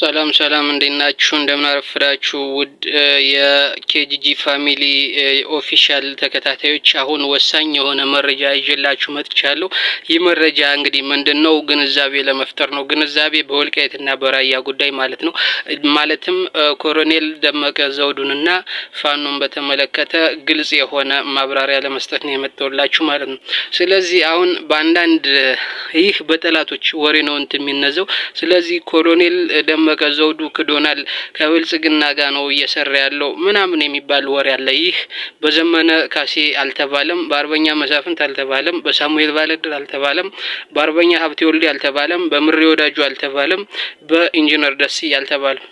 ሰላም ሰላም፣ እንዴት ናችሁ? እንደምን አረፍዳችሁ? ውድ የኬጂጂ ፋሚሊ ኦፊሻል ተከታታዮች፣ አሁን ወሳኝ የሆነ መረጃ ይዤላችሁ መጥቻለሁ። ይህ መረጃ እንግዲህ ምንድን ነው? ግንዛቤ ለመፍጠር ነው። ግንዛቤ በወልቃይትና በራያ ጉዳይ ማለት ነው። ማለትም ኮሎኔል ደመቀ ዘውዱንና ፋኖን በተመለከተ ግልጽ የሆነ ማብራሪያ ለመስጠት ነው የመጣሁላችሁ ማለት ነው። ስለዚህ አሁን በአንዳንድ ይህ በጠላቶች ወሬ ነው እንትን የሚነዘው። ስለዚህ ኮሎኔል ደመቀ ዘውዱ ክዶናል፣ ከብልጽግና ጋር ነው እየሰራ ያለው ምናምን የሚባል ወሬ አለ። ይህ በዘመነ ካሴ አልተባለም፣ በአርበኛ መሳፍንት አልተባለም፣ በሳሙኤል ባለድር አልተባለም፣ በአርበኛ ሀብቴ ወልዴ አልተባለም፣ በምሬ ወዳጁ አልተባለም፣ በኢንጂነር ደሴ አልተባለም።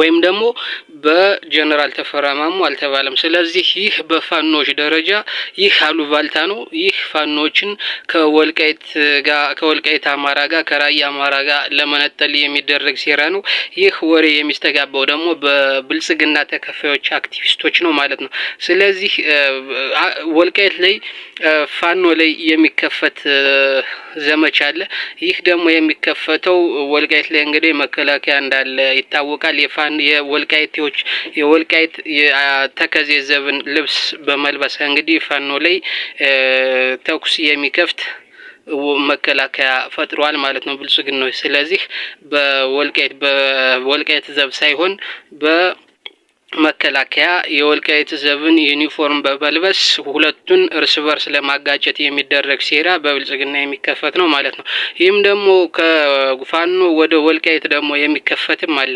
ወይም ደግሞ በጀነራል ተፈራማሙ አልተባለም። ስለዚህ ይህ በፋኖዎች ደረጃ ይህ አሉባልታ ነው። ይህ ፋኖዎችን ከወልቃይት ጋር ከወልቃይት አማራ ጋር ከራያ አማራ ጋር ለመነጠል የሚደረግ ሴራ ነው። ይህ ወሬ የሚስተጋባው ደግሞ በብልጽግና ተከፋዮች አክቲቪስቶች ነው ማለት ነው። ስለዚህ ወልቃይት ላይ ፋኖ ላይ የሚከፈት ዘመቻ አለ። ይህ ደግሞ የሚከፈተው ወልቃይት ላይ እንግዲህ መከላከያ እንዳለ ይታወቃል። ፋን የወልቃይቴዎች የወልቃይት ተከዜ ዘብን ልብስ በመልበስ እንግዲህ ፋኖ ላይ ተኩስ የሚከፍት መከላከያ ፈጥሯል ማለት ነው ነው። ስለዚህ በወልቃይት በወልቃይት ዘብ ሳይሆን በ መከላከያ የወልቃይት ዘብን ዩኒፎርም በመልበስ ሁለቱን እርስ በርስ ለማጋጨት የሚደረግ ሴራ በብልጽግና የሚከፈት ነው ማለት ነው። ይህም ደግሞ ከፋኖ ወደ ወልቃይት ደግሞ የሚከፈትም አለ።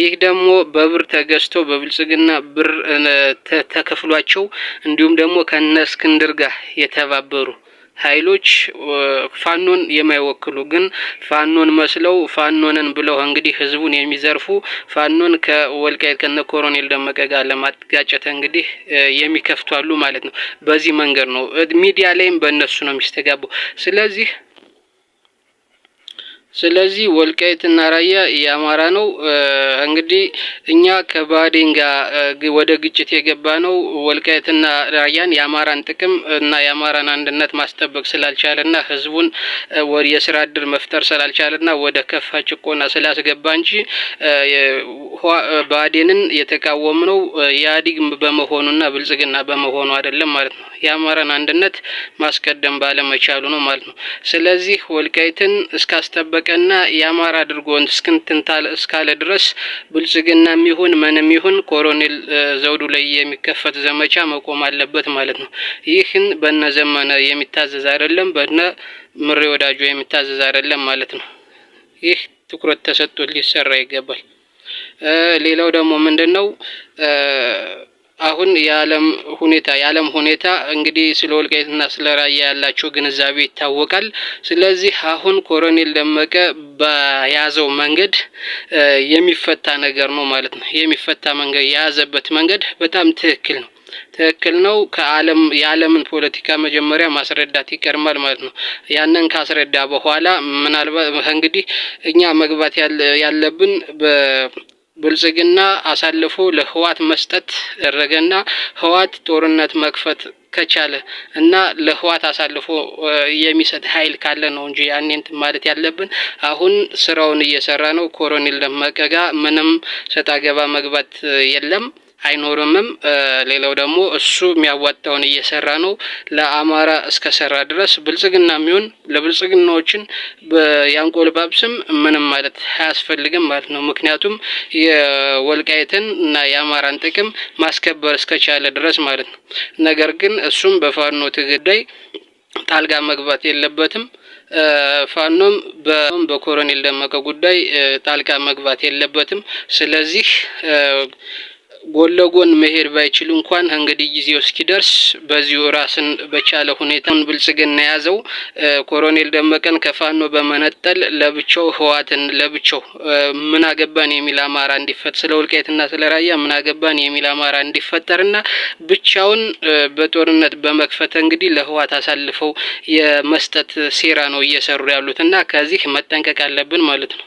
ይህ ደግሞ በብር ተገዝቶ በብልጽግና ብር ተከፍሏቸው እንዲሁም ደግሞ ከነ እስክንድር ጋር የተባበሩ ኃይሎች ፋኖን የማይወክሉ ግን ፋኖን መስለው ፋኖንን ብለው እንግዲህ ህዝቡን የሚዘርፉ ፋኖን ከወልቃይት ከነ ኮሮኔል ደመቀ ጋር ለማጋጨት እንግዲህ የሚከፍቷሉ ማለት ነው። በዚህ መንገድ ነው ሚዲያ ላይም በእነሱ ነው የሚስተጋቡ። ስለዚህ ስለዚህ ወልቃይትና ራያ የአማራ ነው። እንግዲህ እኛ ከባዴን ጋር ወደ ግጭት የገባ ነው ወልቃይትና ራያን የአማራን ጥቅም እና የአማራን አንድነት ማስጠበቅ ስላልቻለና ህዝቡን የስራ እድል መፍጠር ስላልቻለና ወደ ከፋ ጭቆና ስላስገባ እንጂ ባዴንን የተቃወም ነው ኢህአዴግ በመሆኑና ብልጽግና በመሆኑ አይደለም ማለት ነው። የአማራን አንድነት ማስቀደም ባለመቻሉ ነው ማለት ነው። ስለዚህ ወልቃይትን እስካስጠበቅ ያልተዋወቀና የአማራ አድርጎን እስክንትንታል እስካለ ድረስ ብልጽግና ይሁን ምንም ይሁን ኮሎኔል ዘውዱ ላይ የሚከፈት ዘመቻ መቆም አለበት ማለት ነው። ይህን በነ ዘመነ የሚታዘዝ አይደለም፣ በነ ምሬ ወዳጆ የሚታዘዝ አይደለም ማለት ነው። ይህ ትኩረት ተሰጥቶ ሊሰራ ይገባል። ሌላው ደግሞ ምንድን ነው? አሁን የዓለም ሁኔታ የዓለም ሁኔታ እንግዲህ ስለ ወልቃይትና ስለ ራያ ያላቸው ግንዛቤ ይታወቃል። ስለዚህ አሁን ኮሎኔል ደመቀ በያዘው መንገድ የሚፈታ ነገር ነው ማለት ነው። የሚፈታ መንገድ የያዘበት መንገድ በጣም ትክክል ነው ትክክል ነው። ከዓለም የዓለምን ፖለቲካ መጀመሪያ ማስረዳት ይቀድማል ማለት ነው። ያንን ካስረዳ በኋላ ምናልባት እንግዲህ እኛ መግባት ያለብን ብልጽግና አሳልፎ ለህዋት መስጠት ደረገና ህዋት ጦርነት መክፈት ከቻለ እና ለህዋት አሳልፎ የሚሰጥ ኃይል ካለ ነው እንጂ ያኔንት ማለት ያለብን። አሁን ስራውን እየሰራ ነው። ኮሎኔል ደመቀ ጋ ምንም ሰጣ ገባ መግባት የለም። አይኖርምም። ሌላው ደግሞ እሱ የሚያዋጣውን እየሰራ ነው። ለአማራ እስከሰራ ድረስ ብልጽግና የሚሆን ለብልጽግናዎችን በያንቆልባብ ስም ምንም ማለት አያስፈልግም ማለት ነው። ምክንያቱም የወልቃይትን እና የአማራን ጥቅም ማስከበር እስከቻለ ድረስ ማለት ነው። ነገር ግን እሱም በፋኖ ትግዳይ ላይ ጣልቃ መግባት የለበትም። ፋኖም በኮሎኔል ደመቀ ጉዳይ ጣልቃ መግባት የለበትም። ስለዚህ ጎን ለጎን መሄድ ባይችል እንኳን እንግዲህ ጊዜው እስኪደርስ በዚሁ ራስን በቻለ ሁኔታን ብልጽግና የያዘው ኮሎኔል ደመቀን ከፋኖ በመነጠል ለብቻው ህዋትን ለብቻው ምን አገባን የሚል አማራ እንዲፈጥ ስለ ውልቃይትና ስለ ራያ ምን አገባን የሚል አማራ እንዲፈጠርና ብቻውን በጦርነት በመክፈት እንግዲህ ለህዋት አሳልፈው የመስጠት ሴራ ነው እየሰሩ ያሉት እና ከዚህ መጠንቀቅ አለብን ማለት ነው።